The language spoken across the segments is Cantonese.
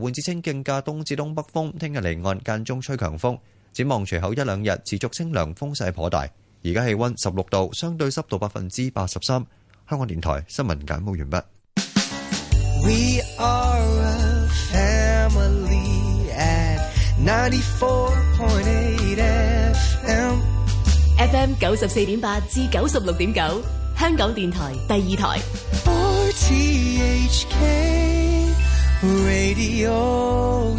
換至清勁，架東至東北風，聽日離岸間中吹強風。展望隨後一兩日持續清涼，風勢頗大。而家氣溫十六度，相對濕度百分之八十三。香港電台新聞簡報完畢。FM 九十四點八至九十六點九，香港電台第二台。Radio 2。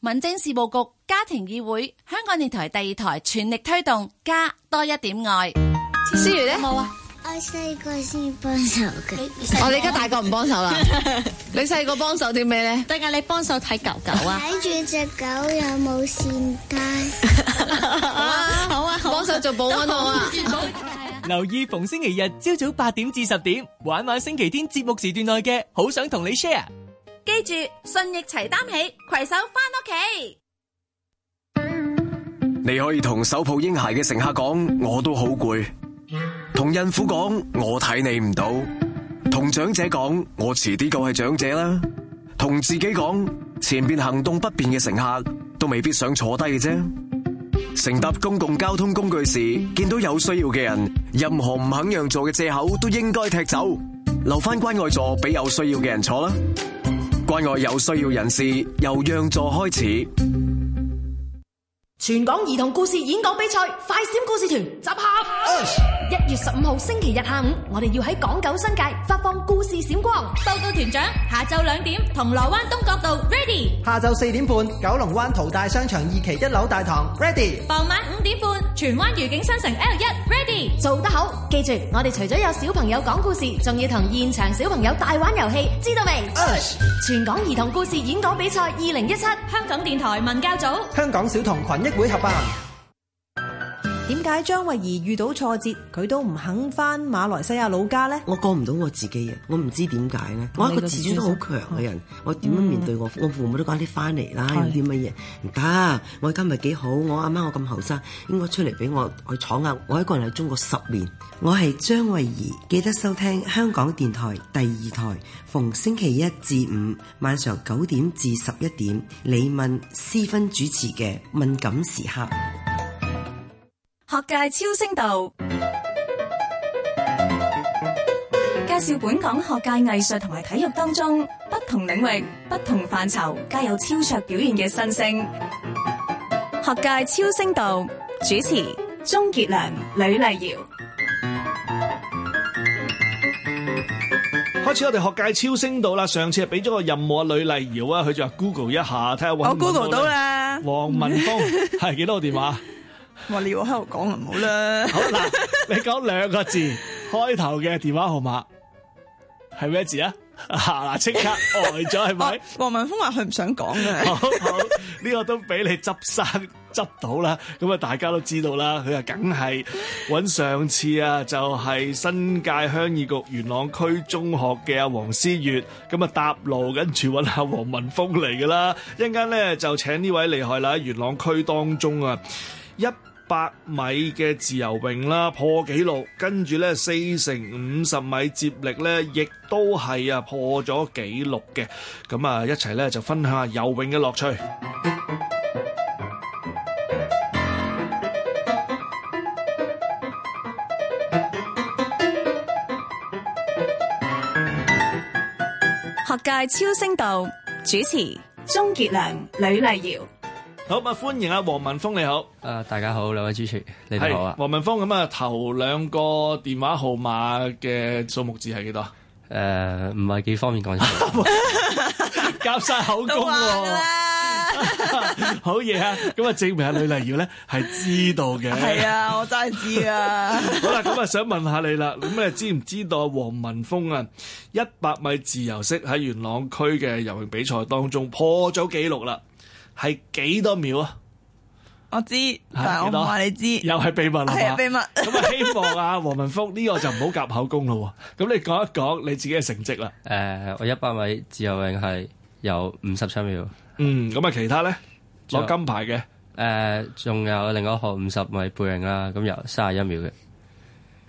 民政事務局家庭議會，香港電台第二台全力推動加多一點愛。思如咧冇啊，我細個先幫手嘅。Oh。我哋而家大個唔幫手啦。你細個幫手啲咩咧？得噶，你幫手睇狗狗啊？睇住隻狗有冇線帶？好啊，好啊，幫手做保安好啊。 留意逢星期日朝早八點至十點，玩玩星期天節目時段內嘅好想同你 share。記住，信翼齊擔起，攜手返屋企。你可以同手抱嬰孩嘅乘客講，我都好攰；同孕婦講，我睇你唔到；同長者講，我遲啲夠係長者啦；同自己講，前邊行動不便嘅乘客都未必想坐低嘅啫。乘搭公共交通工具時，見到有需要嘅人，任何唔肯讓座嘅借口都應該踢走，留翻關愛座俾有需要嘅人坐啦。關愛有需要人士，由讓座開始。全港兒童故事演講比賽快閃故事團集合。Yes. 一月十五號星期日下午，我哋要喺港九新界發放故事閃光。報告團長，下晝兩點，銅鑼灣東角道，ready。下晝四點半，九龍灣淘大商場二期一樓大堂，ready。傍晚五點半，荃灣愉景新城 L 一，ready。做得好，記住，我哋除咗有小朋友講故事，仲要同現場小朋友大玩遊戲，知道未？U sh. 全港兒童故事演講比賽二零一七，香港電台文教組，香港小童群益會合辦。點解張慧儀遇到挫折，佢都唔肯翻馬來西亞老家呢？我過唔到我自己啊！我唔知點解咧。我係一個自尊都好強嘅人，嗯、我點樣面對我？我父母都講啲翻嚟啦，有啲乜嘢唔得？我而家唔係幾好，我阿媽我咁後生，應該出嚟俾我去闖啊！我一個人喺中國十年，我係張慧儀，記得收聽香港電台第二台，逢星期一至五晚上九點至十一點，李問思芬主持嘅《敏感時刻》。學界超星道介紹本港學界藝術同埋體育當中不同領域、不同範疇皆有超卓表現嘅新星。學界超星道主持鍾傑良、呂麗瑤。開始我哋學界超星道啦，上次係俾咗個任務阿呂麗瑤啊，佢就話 google 一下睇下我 google 到啦了。王文峰係幾 多個電話？話你要喺度講啊，唔好啦。 好嗱，你講兩個字開頭嘅電話號碼係咩字啊？吓嗱，即刻呆咗係咪？王、啊、文峰話佢唔想講嘅。 好，呢、這個都俾你執生執到啦。咁啊，大家都知道啦，佢啊梗係揾上次啊，就係、是、新界鄉議局元朗區中學嘅阿黃思月，咁啊搭路跟住揾下王文峰嚟噶啦。一陣間咧就請呢位厲害啦，元朗區當中啊一。百米嘅自由泳啦，破紀錄，跟住咧四乘五十米接力咧，亦都係啊破咗紀錄嘅。咁啊，一齊咧就分享下游泳嘅樂趣。學界超聲道主持鍾傑良、呂麗瑤。好啊！歡迎啊，王文峰，你好。誒、呃，大家好，兩位主持，你哋好啊。王文峰咁啊，頭兩個電話號碼嘅數目字係幾多？誒、呃，唔係幾方便講。夾晒 口供喎、哦。啦 好嘢啊！咁啊，證明阿呂麗瑤咧係知道嘅。係啊，我真係知， 知，知啊。好啦，咁啊，想問下你啦。咁啊，知唔知道王文峰啊？一百米自由式喺元朗區嘅游泳比賽當中破咗紀錄啦。係幾多秒啊？我知，但係我唔話你知，又係秘密係嘛？秘密咁啊！希望啊，王 文峰呢、這個就唔好夾口供咯。咁你講一講你自己嘅成績啦。誒、呃，我一百米自由泳係有五十七秒。嗯，咁啊，其他咧攞有金牌嘅。誒、呃，仲有另一項五十米背泳啦，咁有卅一秒嘅。誒、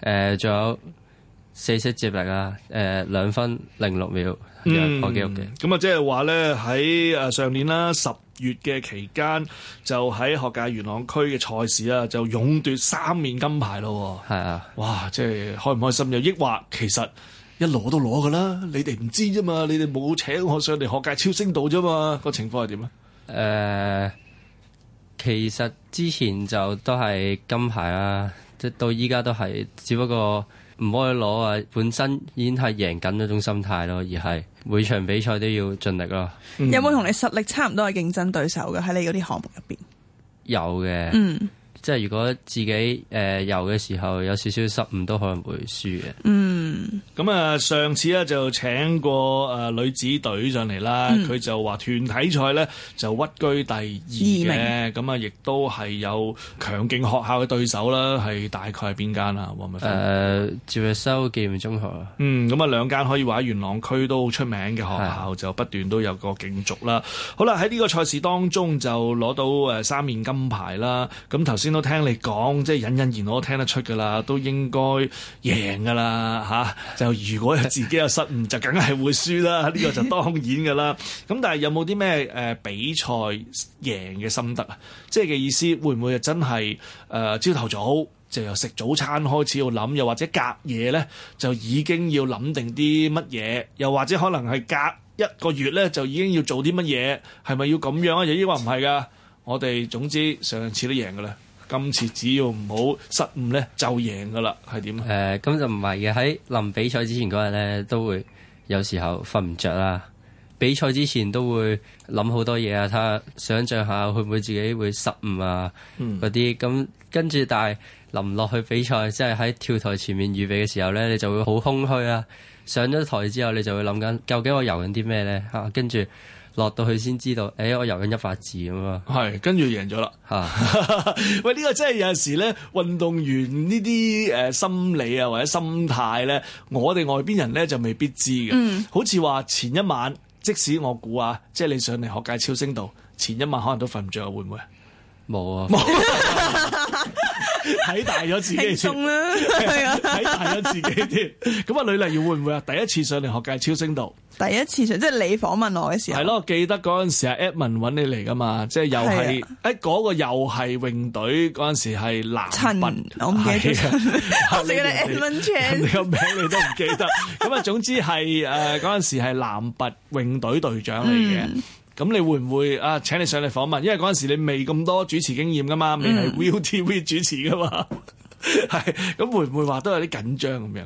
呃，仲有四式接力啊。誒、呃，兩分零六秒，嗯、又破紀錄嘅。咁啊、嗯，即係話咧喺誒上年啦，十。月嘅期間就喺學界元朗區嘅賽事啦，就勇奪三面金牌咯。係啊，哇！即係開唔開心？又抑或其實一攞都攞噶啦，你哋唔知啫嘛，你哋冇請我上嚟學界超星道啫嘛。個情況係點啊？誒、呃，其實之前就都係金牌啦，即到依家都係，只不過。唔可以攞啊！本身已經係贏緊嗰種心態咯，而係每場比賽都要盡力咯。嗯、有冇同你實力差唔多嘅競爭對手嘅喺你嗰啲項目入邊？有嘅的。嗯。即係如果自己誒游嘅時候有少少失誤，都可能會輸嘅。嗯，咁啊上次咧就請過誒、呃、女子隊上嚟啦，佢、嗯、就話團體賽咧就屈居第二嘅。咁啊名，亦都係有強勁學校嘅對手啦，係大概係邊間啊？黃敏芬誒，趙聿修紀念中學啊，嗯，咁啊兩間可以話喺元朗區都好出名嘅學校，就不斷都有個競逐啦。嗯、的好啦，喺呢個賽事當中就攞到誒三面金牌啦。咁頭先。先都聽你講，即係隱隱然我都聽得出噶啦，都應該贏噶啦嚇。就如果自己有失誤， 就梗係會輸啦。呢個就當然噶啦。咁但係有冇啲咩誒比賽贏嘅心得啊？即係嘅意思，會唔會啊？真係誒朝頭早就由食早餐開始要諗，又或者隔夜咧，就已經要諗定啲乜嘢？又或者可能係隔一個月咧，就已經要做啲乜嘢？係咪要咁樣啊？亦抑話唔係噶，我哋總之上次都贏噶啦。今次只要唔好失誤呢，就贏噶啦，係點啊？呃、咁就唔係嘅。喺臨比賽之前嗰日呢，都會有時候瞓唔着啦。比賽之前都會諗好多嘢啊，睇下想像下會唔會自己會失誤啊，嗰啲、嗯。咁跟住，即係，即係，嗯、但係臨落去比賽，即係喺跳台前面預備嘅時候呢，你就會好空虛啊。上咗台之後，你就會諗緊究竟我遊緊啲咩呢？啊，嚇，跟住。落到去先知道，誒、欸、我游緊一百字咁啊，係跟住贏咗啦，嚇！喂，呢、呢個真係有陣時咧，運動員呢啲誒心理啊或者心態咧，我哋外邊人咧就未必知嘅。嗯，好似話前一晚，即使我估啊，即係你上嚟學界超聲度，前一晚可能都瞓唔着，會會啊，會唔會？冇啊！睇大咗自己添，睇大咗自己添。咁啊，呂麗瑤會唔會啊？第一次上嚟學界超聲道，第一次上即係你訪問我嘅時候。係咯，記得嗰陣時啊，Edmond 揾你嚟噶嘛，即係又係，誒，嗰個又係泳隊嗰陣時係南。陳，我唔記得。你個 Edmond 姐，你個名你都唔記得。咁啊，總之係誒，嗰陣時係南拔泳隊隊長嚟嘅。咁你會唔會啊？請你上嚟訪問，因為嗰陣時你未咁多主持經驗㗎嘛，嗯、未係 ViuTV 主持㗎嘛，係 咁會唔會話都有啲緊張咁樣？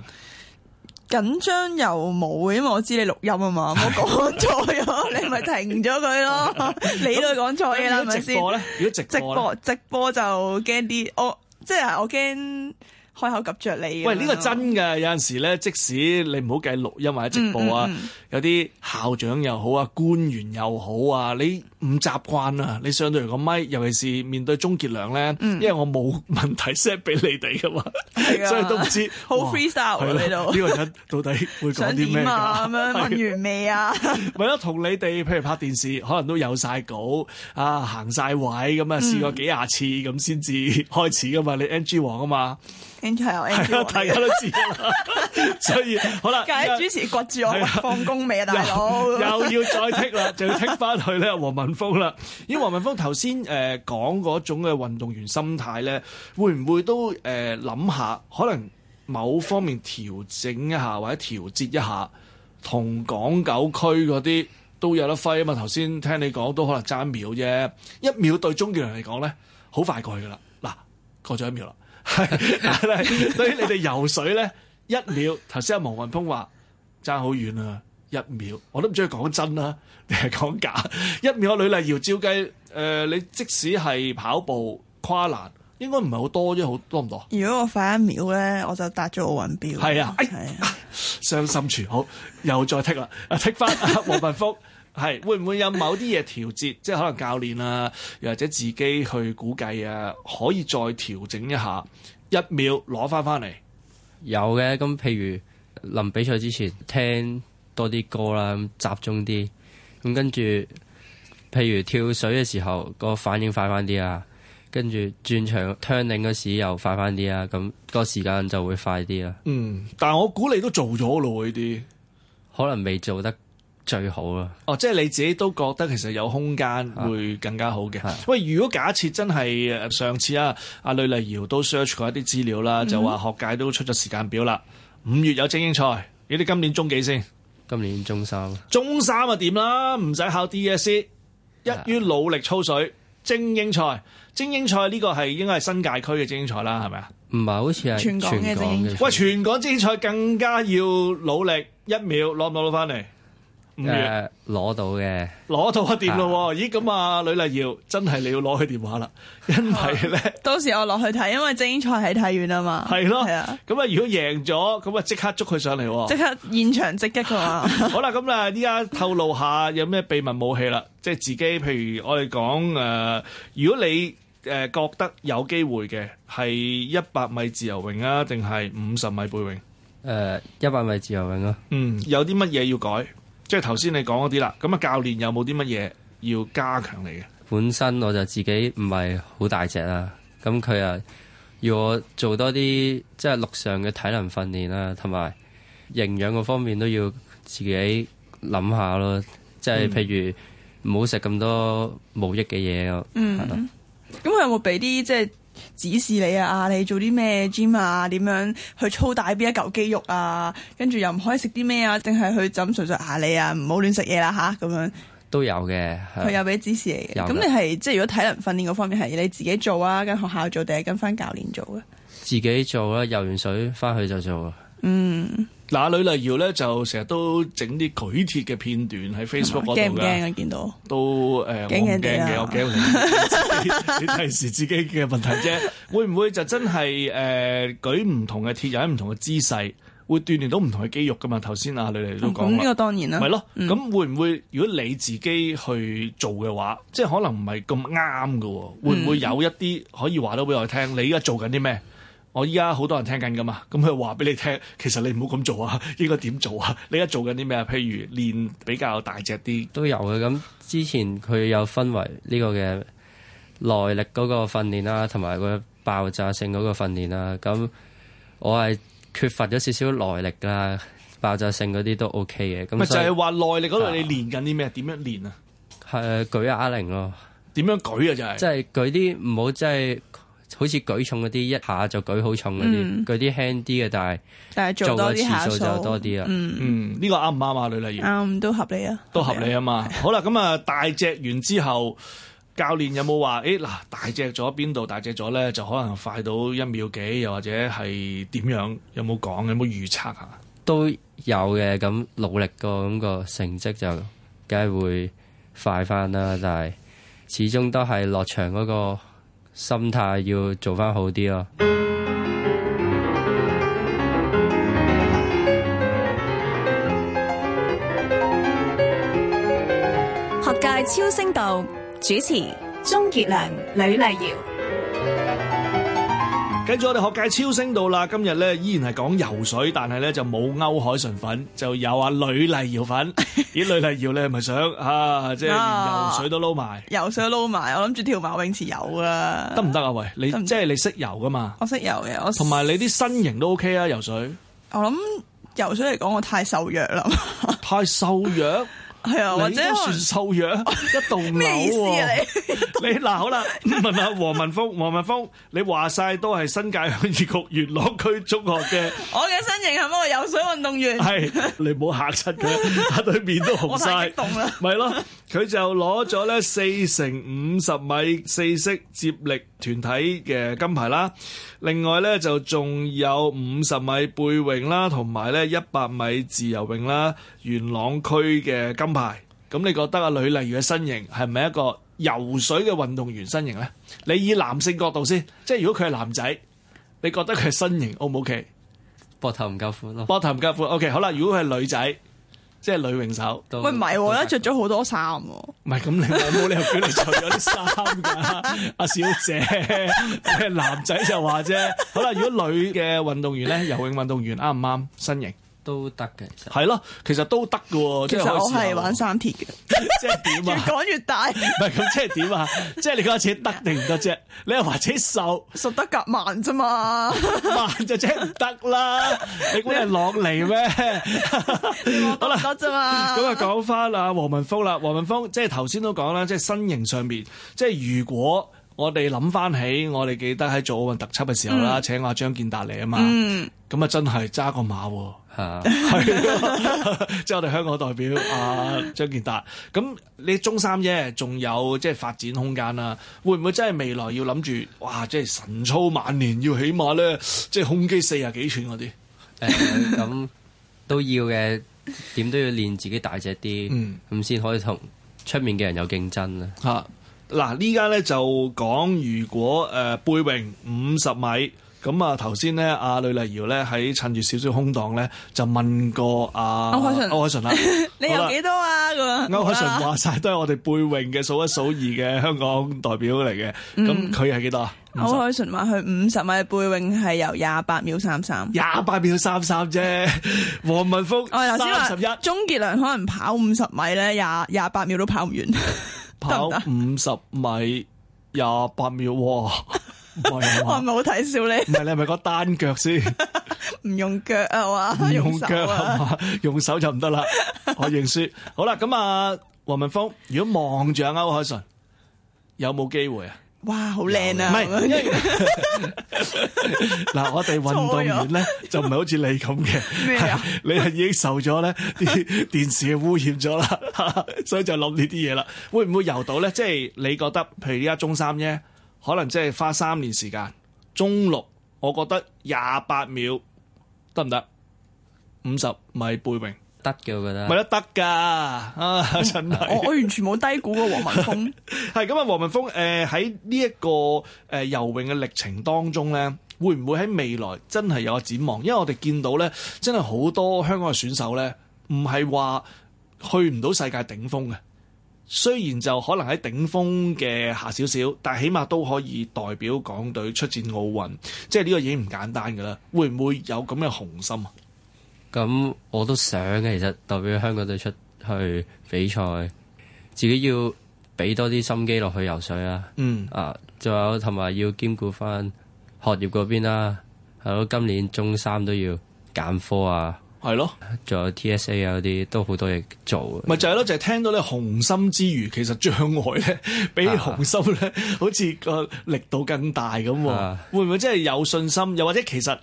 緊張又冇，因為我知你錄音啊嘛，冇講 錯咗， 你咪停咗佢咯。 你都講錯嘢啦，係咪先？如果咧，如果直播直播就驚啲，我即係我驚。就是我開口及着脷，喂、這、呢個真嘅，有陣時咧，即使你唔好計錄音或者直播啊，嗯嗯嗯、有啲校長又好啊，官員又好啊，你唔習慣啊，你上到嚟個咪，尤其是面對鍾傑良咧，嗯、因為我冇問題 set 俾你哋噶嘛，的 所以都唔知好 freestyle 呢個人到底會講啲咩咁樣、啊、的問完未啊？為咗同你哋，譬如拍電視，可能都有晒稿啊，行晒位咁啊，試過幾廿次咁先至開始噶嘛？你 NG 王啊嘛？係啊，大家都知啦。所以好啦，而家主持骨我放工未啊大佬？又要再剔啦， 就要剔翻去咧？王文峰啦，而 王文峰頭先誒講嗰種嘅運動員心態咧，會唔會都誒諗、呃、下，可能某方面調整一下或者調節一下，同港九區嗰啲都有得揮啊嘛？頭先聽你講都可能爭一秒啫，一秒對鍾傑良嚟講咧，好快過去噶啦，嗱過咗一秒啦。係，所以 你哋游水咧，一秒，頭先阿王文峰話爭好遠啊，一秒我都唔知佢講真啦定係講假。一秒女呂麗瑤，照計，誒、呃，你即使係跑步跨欄，應該唔係好多啫。好多唔多。多多如果我快一秒咧，我就達咗奧運標。係啊，係啊，傷 心處好又再剔啦，剔翻王文峰。 係會唔會有某啲嘢調節？即係可能教練啊，又或者自己去估計啊，可以再調整一下，一秒攞翻翻嚟。有嘅，咁譬如臨比賽之前聽多啲歌啦，集中啲。咁跟住，譬如跳水嘅時候個反應快翻啲啊，跟住轉場 turning 嘅時又快翻啲啊，咁個時間就會快啲啦。嗯，但係我估你都做咗耐啲，可能未做得。最好啊，哦，即係你自己都覺得其實有空間會更加好嘅。啊、喂，如果假設真係上次啊，阿呂麗瑤都 search 過一啲資料啦，嗯、哼就話學界都出咗時間表啦。五月有精英賽，你哋今年中幾先？今年中三。中三啊，點啦？唔使考 D.S.C.，一於努力操水的精英賽。精英賽呢個係應該係新界區嘅精英賽啦，係咪啊？唔係吧，好似係全港嘅精英賽。喂，全港精英賽更加要努力一秒攞唔攞到翻嚟？誒，攞到嘅，攞到啊！掂咯，咦咁啊，呂麗瑤，真係你要攞佢電話啦，因為咧，到時我落去睇，因為精英賽喺太遠啊嘛，係咯，係啊，咁啊，如果贏咗，咁啊即刻捉佢上嚟，即刻現場即擊嘅話。好啦，咁啊，依家透露下有咩秘密武器啦，即係自己，譬如我哋講誒，如果你誒覺得有機會嘅係一百米自由泳啊，定係五十米背泳？誒，一百米自由泳啊，嗯，有啲乜嘢要改？即係頭先你講嗰啲啦，咁啊教練有冇啲乜嘢要加強你嘅？本身我就自己唔係好大隻啦，咁佢啊要我做多啲即係陸上嘅體能訓練啦，同埋營養嗰方面都要自己諗下咯。即係譬如唔好食咁多冇益嘅嘢咯。嗯，係咯，咁佢、嗯、有冇俾啲即係？指示你啊，你做啲咩 gym 啊？點樣去操大邊一嚿肌肉啊？跟住又唔可以食啲咩啊？定係去枕咁隨下你啊？唔好亂食嘢啦吓，咁樣都有嘅。佢有俾指示的你嘅。咁你係即係如果體能訓練嗰方面係你自己做啊？跟學校做定係跟翻教練做嘅？自己做啦，游完水翻去就做。嗯。嗱，呂麗瑤咧就成日都整啲舉鐵嘅片段喺 Facebook 嗰度嘅。驚唔驚啊？見到我都誒，唔驚嘅，怕怕我驚你了。你提示自己嘅 問題啫。會唔會就真係誒、呃、舉唔同嘅鐵人，有唔同嘅姿勢，會鍛鍊到唔同嘅肌肉㗎嘛？頭先阿呂麗都講啦。呢個當然啦。咪咯，咁會唔會如果你自己去做嘅話，即係、嗯、可能唔係咁啱㗎喎？會唔會有一啲可以話到俾我聽？你而家做緊啲咩？我依家好多人聽緊噶嘛，咁佢話俾你聽，其實你唔好咁做啊，應該點做啊？你而家做緊啲咩啊？譬如練比較大隻啲都有嘅。咁之前佢有分為呢個嘅耐力嗰個訓練啦、啊，同埋個爆炸性嗰個訓練啦、啊。咁我係缺乏咗少少耐力啦，爆炸性嗰啲都 OK 嘅。咁咪就係話耐力嗰度你練緊啲咩？點、啊、樣練啊？係舉啞鈴咯。點樣舉啊？就係即係舉啲唔好即係。好似舉重嗰啲，一下就舉好重嗰啲，嗰啲輕啲嘅，但係做嘅次數就多啲啦。嗯，呢、嗯呢個啱唔啱啊？例如啱，都合理啊，都合理啊嘛。啊是好啦，咁啊大隻完之後， 教練有冇話誒嗱大隻咗邊度大隻咗咧？就可能快到一秒幾，又或者係點樣？有冇講？有冇預測啊？有有都有嘅，咁努力過咁個成績就梗係會快翻啦。但係始終都係落場嗰、嗰個。心態要做翻好啲咯。學界超聲道，主持鍾傑良、呂麗瑤。跟住我哋學界超聲到啦，今日咧依然係講游水，但係咧就冇歐海純粉，就有阿呂麗瑤粉。咦、 呃，呂麗瑤咧咪想 啊，即係連游水都撈埋，游水都撈埋。我諗住跳馬泳池有噶，得唔得啊？喂，你行行即係你識游噶嘛？我識游嘅，我同埋你啲身型都 OK 啊！游水，我諗游水嚟講，我太瘦弱啦， 太瘦弱。係啊，或者算瘦弱一棟樓喎。咩意思啊你？你嗱好啦，問下王文峰，王文峰，你話晒都係新界鄉議局元朗區中學嘅。我嘅身形係咪一個游水運動員？係，你唔好吓親佢，佢面都紅晒。我太激動啦。咪咯，佢就攞咗咧四乘五十米四式接力團體嘅金牌啦。另外咧就仲有五十米背泳啦，同埋咧一百米自由泳啦。元朗區嘅金排，咁你覺得阿，呂麗瑤嘅身形係咪一個游水嘅運動員身形咧？你以男性角度先，即係如果佢係男仔，你覺得佢係身形 OK 唔 OK？奇膊頭唔夠闊咯，膊頭唔夠闊。O K，好啦，如果係女仔，即係女泳手，喂唔係，而家着咗好多衫。唔係咁，你冇理由叫你除咗啲衫噶，阿小姐，你係男仔就話啫。好啦，如果女嘅運動員咧，游泳運動員啱唔啱身形？都得嘅，其實係咯，其實都得嘅，即係我係玩三鐵嘅，即係點啊？越講越大，唔係咁，即係點啊？即係你嗰筆錢得定唔得啫？你又或者瘦，瘦得夾萬啫嘛？萬就即係唔得啦，你估係落嚟咩？好啦，得啫嘛。咁啊，講翻阿王文峰啦，王文峰，即係頭先都講啦，即係身形上面，即係如果我哋諗翻起，我哋記得喺做奧運特輯嘅時候啦，請阿張建達嚟啊嘛，咁啊真係揸個馬。係，啊、 即係我哋香港代表阿張、啊、建達，咁你中三啫，仲有即係發展空間啦、啊，會唔會真係未來要諗住，哇，即係神操晚年要起碼咧，即係胸肌四啊十幾寸嗰啲？誒、呃，咁都要嘅，點都要練自己大隻啲，咁先、嗯、可以同出面嘅人有競爭啊！吓、啊，嗱，呢家咧就講如果誒背泳五十米。咁啊，頭先咧，阿呂麗瑤咧喺趁住少少空檔咧，就問過阿歐凱順，歐凱順啊，你有幾多啊？咁啊，歐凱順話晒都係我哋背泳嘅數一數二嘅香港代表嚟嘅，咁佢係幾多啊？歐凱順話佢五十米背泳係由廿八秒三三，廿八秒三三啫。王文峰，我頭先話，鍾傑良可能跑五十米咧，廿廿八秒都跑唔完， 跑五十米廿八秒。哦我冇睇少你，唔係你係咪講單腳先？唔用腳係嘛？唔用腳係嘛？用手就唔得啦，我認輸。好啦，咁啊，王文峰，如果望住阿歐鎧淳，有冇機會啊？哇，好靚啊！唔係嗱，我哋運動員咧就唔係好似你咁嘅，你係已經受咗咧啲電視嘅污染咗啦，所以就諗呢啲嘢啦。會唔會游到咧？即係你覺得，譬如依家中三啫。可能即係花三年時間，中六我覺得廿八秒得唔得？五十米背泳得嘅，我覺得咪得得噶啊！嗯、真係我我完全冇低估過黃文峰。係咁啊，黃文峰誒喺呢一個誒游泳嘅歷程當中咧，會唔會喺未來真係有個展望？因為我哋見到咧，真係好多香港嘅選手咧，唔係話去唔到世界頂峰嘅。雖然就可能喺頂峰嘅下少少，但起碼都可以代表港隊出戰奧運，即係呢個已經唔簡單㗎喇。會唔會有咁嘅雄心啊？咁我都想嘅，其實代表香港隊出去比賽，自己要俾多啲心機落去游水啊。嗯。啊，仲有同埋要兼顧返學業嗰邊啦。係咯，今年中三都要揀科啊。係咯，仲有 TSA 啊，啲都好多嘢做。咪就係咯，就係、是、聽到咧雄心之餘，其實障礙咧比雄心咧、啊、好似個力度更大咁喎。啊、會唔會真係有信心？又或者其實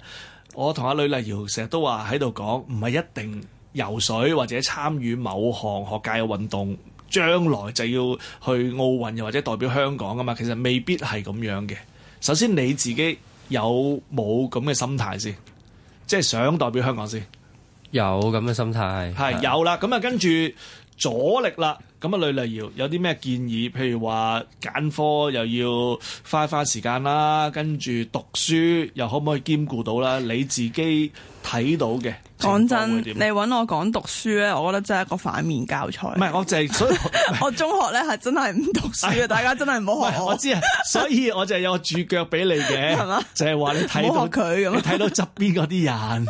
我同阿呂麗瑤成日都話喺度講，唔係一定游水或者參與某項學界嘅運動，將來就要去奧運又或者代表香港噶嘛？其實未必係咁樣嘅。首先你自己有冇咁嘅心態先，即係想代表香港先。有咁嘅心態係有啦，咁啊跟住阻力啦，咁啊呂麗瑤有啲咩建議？譬如話揀科又要花一花時間啦，跟住讀書又可唔可以兼顧到啦？你自己睇到嘅講真，你揾我講讀書咧，我覺得真係一個反面教材。唔係我淨係所以，我中學咧係真係唔讀書嘅，大家真係唔好學我知啊。所以我就有個註腳俾你嘅，係嘛？就係話你睇到佢，你睇到側邊嗰啲人。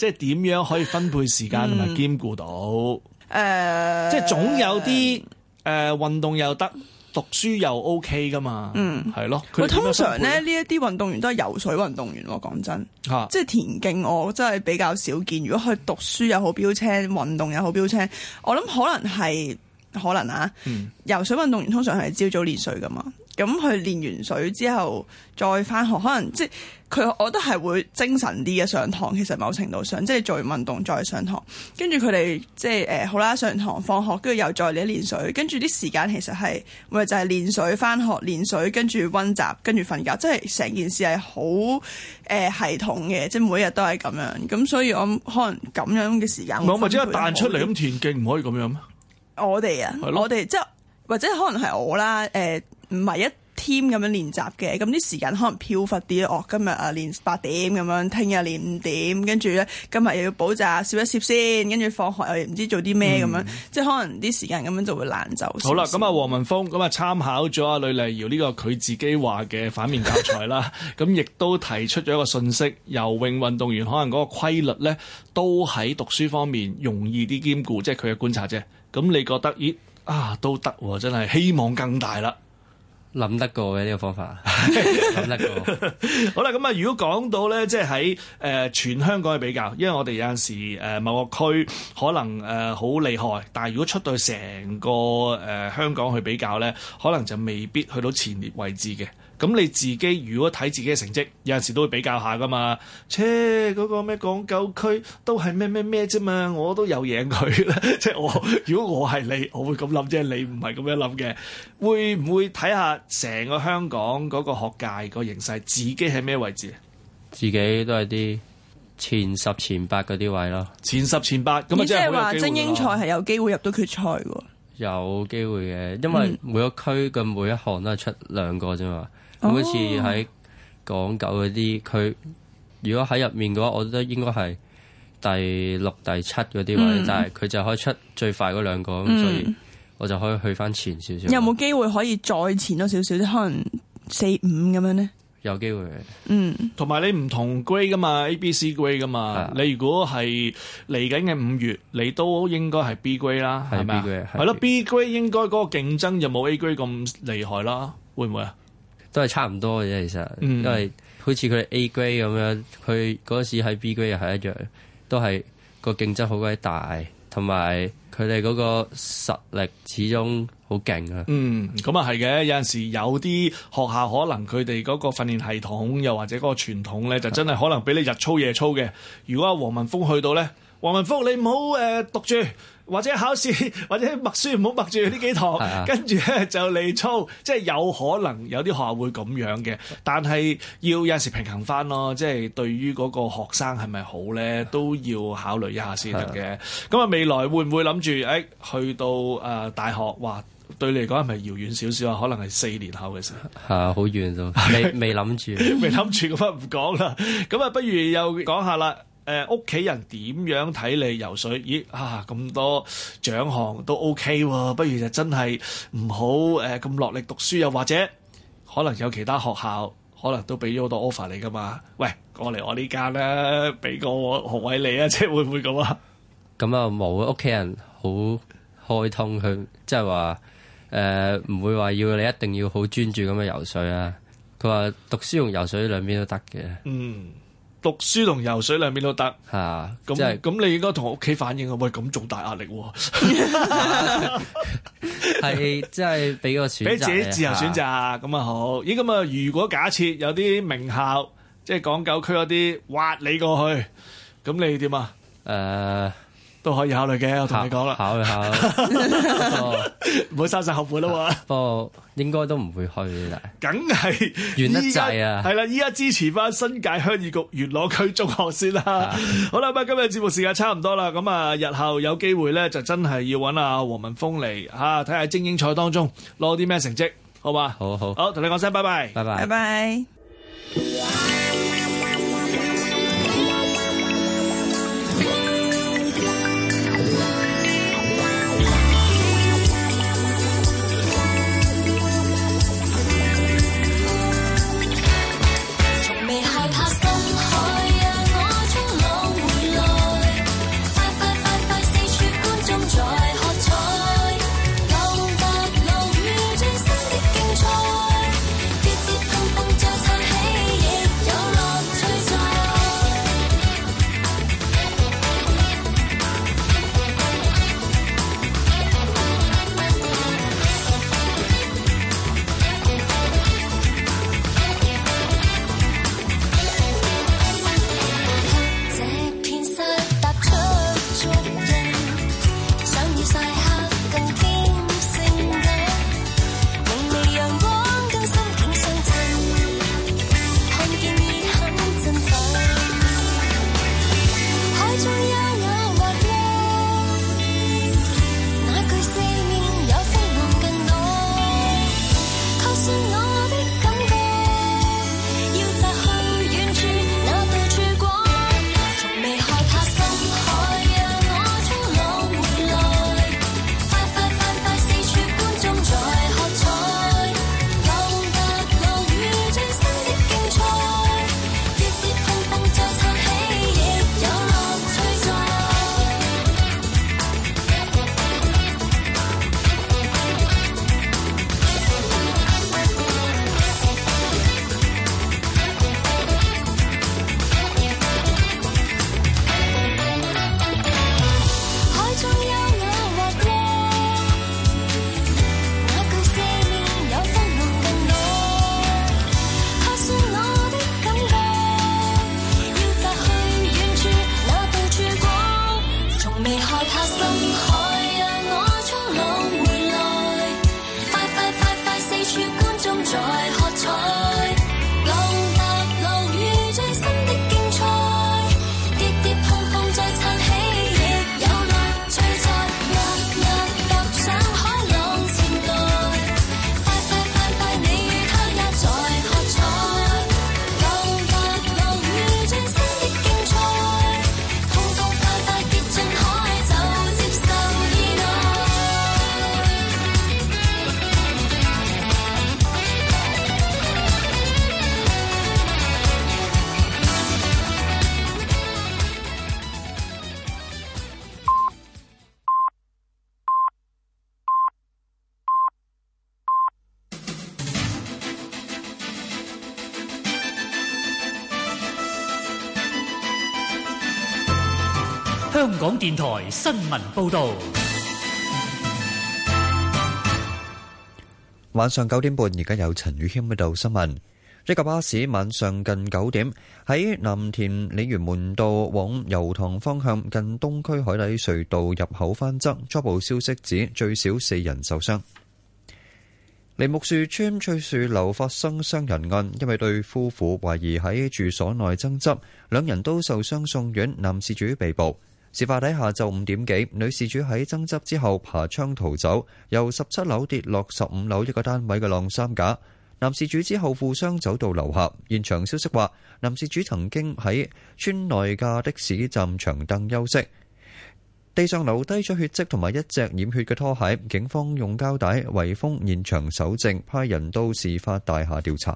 即係點樣可以分配時間同埋兼顧到？誒、呃，即係總有啲誒運動又得，讀書又 OK 噶嘛？嗯，係咯。佢通常咧呢一啲運動員都係游水運動員，講真。吓、啊，即係田徑我真係比較少見。如果佢讀書又好標青，運動又好，標青，我諗可能係。可能啊，游水運動員通常係朝早練水噶嘛，咁佢練完水之後再翻學，可能即係佢，我覺得係會精神啲嘅上堂。其實某程度上，即係做完運動再上堂，跟住佢哋即係誒好啦，上堂放學，跟住又再練練水，跟住啲時間其實係每日就係練水、翻學、練水，跟住溫習，跟住瞓覺，即係成件事係好誒系統嘅，即係每日都係咁樣。咁所以我可能咁樣嘅時間，唔我咪即係彈出嚟咁嗎田徑唔可以咁樣咩？我哋啊，的我哋即或者可能係我啦。誒、呃，唔係一 team 咁樣練習嘅，咁啲時間可能飄忽啲。哦，今日啊練八點咁樣，聽日練五點，跟住咧今日又要補習，攝一攝先，跟住放學又唔知做啲咩咁樣，嗯、即可能啲時間咁樣就會難走。嗯、少少好啦，咁啊，王文峰咁啊，參考咗阿呂麗瑤呢個佢自己話嘅反面教材啦，咁亦都提出咗一個信息：游泳運動員可能嗰個規律咧，都喺讀書方面容易啲兼顧，即佢嘅觀察啫。咁你覺得咦啊都得喎、啊，真係希望更大啦，諗得過嘅呢個方法啊，諗得 過。 好啦，咁啊，如果講到咧，即係喺誒全香港去比較，因為我哋有陣時誒、呃、某個區可能誒好、呃、厲害，但係如果出到去成個誒、呃、香港去比較咧，可能就未必去到前列位置嘅。咁你自己如果睇自己嘅成績，有陣時都會比較下噶嘛？切嗰、嗰個咩港九區都係咩咩咩啫嘛，我都有贏佢咧。即係我如果我係你，我會咁諗啫。即你唔係咁樣諗嘅，會唔會睇下成個香港嗰個學界個形勢，自己係咩位置啊？自己都係啲前十前八嗰啲位咯，前十前八咁即係話精英賽係有機會入到決賽喎、啊？有機會嘅，因為每一個區嘅每一項都係出兩個啫嘛。好似喺港九嗰啲，佢如果喺入面嘅話，我覺得應該係第六、第七嗰啲位，嗯、但係佢就可以出最快嗰兩個，咁、嗯、所以我就可以去翻前少少。有冇機會可以再前多少少？可能四五咁樣咧？有機會嘅，嗯。同埋你唔同 grade 噶嘛，A、B、C grade 噶嘛。A, B，嘛的你如果係嚟緊嘅五月，你都應該係 B grade 啦，係咪啊？係咯的，B grade 應該嗰個競爭就冇 A grade 咁厲害啦，會唔會啊？都係差唔多嘅，啫，其實，因為好似佢哋 A 級咁樣，佢嗰時喺 B 級又係一樣，都係個競爭好鬼大，同埋佢哋嗰個實力始終好勁啊。嗯，咁啊係嘅，有陣時有啲學校可能佢哋嗰個訓練系統又或者嗰個傳統咧，就真係可能俾你日操夜操嘅。如果阿黃文峰去到咧，黃文峰你唔好誒讀住。或者考試，或者默書唔好默住呢幾堂，跟住咧就嚟操，即係有可能有啲學校會咁樣嘅。但係要有時平衡翻咯，即係對於嗰個學生係咪好咧，都要考慮一下先得嘅。咁啊，未來會唔會諗住誒去到誒大學？話對你嚟講係咪遙遠少少啊？可能係四年後嘅時候啊， 好遠啫，未未諗住，未諗住。咁啊，唔講啦。咁啊，不如又講下啦。誒屋企人點樣睇你游水？咦啊，咁多獎項都 OK 喎，啊，不如就真係唔好誒咁落力讀書又或者可能有其他學校可能都俾咗好多 offer 你噶嘛？喂，過嚟我呢間啦，俾個學位你會會啊，即係會唔會咁啊？咁啊冇，屋企人好開通，佢即係話誒唔會話要你一定要好專注咁樣游水啊。佢話讀書同游水兩邊都得嘅。嗯。讀書同游水兩邊都得，吓，咁咁你應該同屋企反映啊！喂，咁重大壓力，啊，係 真係俾個選，俾自己自由選擇，咁啊吧好。咦，咁啊，如果假設有啲名校，即係港九區嗰啲挖你過去，咁你點啊？誒、呃。都可以考慮嘅，我同你講啦，考慮下，唔好傷晒後悔啦嘛。不過應該都唔會去，梗係遠得滯啊。係啦，依家支持翻新界鄉議局元朗區中學先啦。好啦，咁啊，今日節目時間差唔多啦。咁啊，日後有機會咧，就真係要揾阿王文峰嚟吓睇下精英賽當中攞啲咩成績，好嘛？好好好，同你講聲拜拜，拜拜，拜拜。電台新聞報道，晚上九點半，而家有陳宇謙報道新聞。一架巴士晚上近九點喺南田鯉魚門道往油塘方向，近東區海底隧道入口翻側。初步消息指最少四人受傷。梨木樹村翠樹樓發生傷人案，因一對夫婦懷疑喺住所內爭執，兩人都受傷送院，男事主被捕。事發底下晝五點幾，女事主喺爭執之後爬窗逃走，由十七樓跌落十五樓一個單位嘅晾衫架。男事主之後負傷走到樓下。現場消息話，男事主曾經喺村內架的士站長凳休息，地上留低咗血迹同埋一隻染血嘅拖鞋。警方用膠帶圍封現場，搜證，派人到事發大廈調查。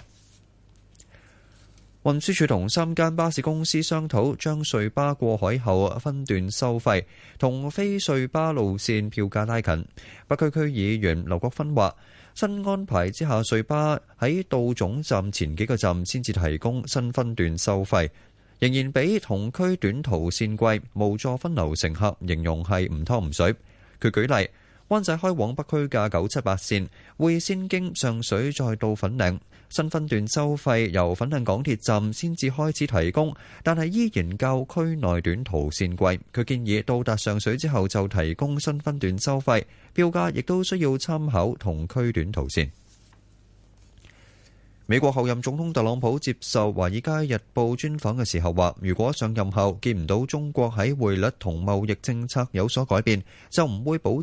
運輸署同三間巴士公司商討，將隧巴過海後分段收費，同非隧巴路線票價拉近。北區區議員劉國芬話：新安排之下，隧巴喺到總站前幾個站先至提供新分段收費，仍然比同區短途線貴，無助分流乘客，形容係唔湯唔水。佢舉例。灣仔開往北區嘅九七八線會先經上水，再到粉嶺新分段收費，由粉嶺港鐵站先至開始提供，但係依然較區內短途線貴。佢建議到達上水之後就提供新分段收費，票價亦都需要參考同區短途線。美國後任總統特朗普接受《華爾街日報》專訪嘅時候話，如果上任後見唔到中國喺匯率同貿易政策有所改變，就唔會保持。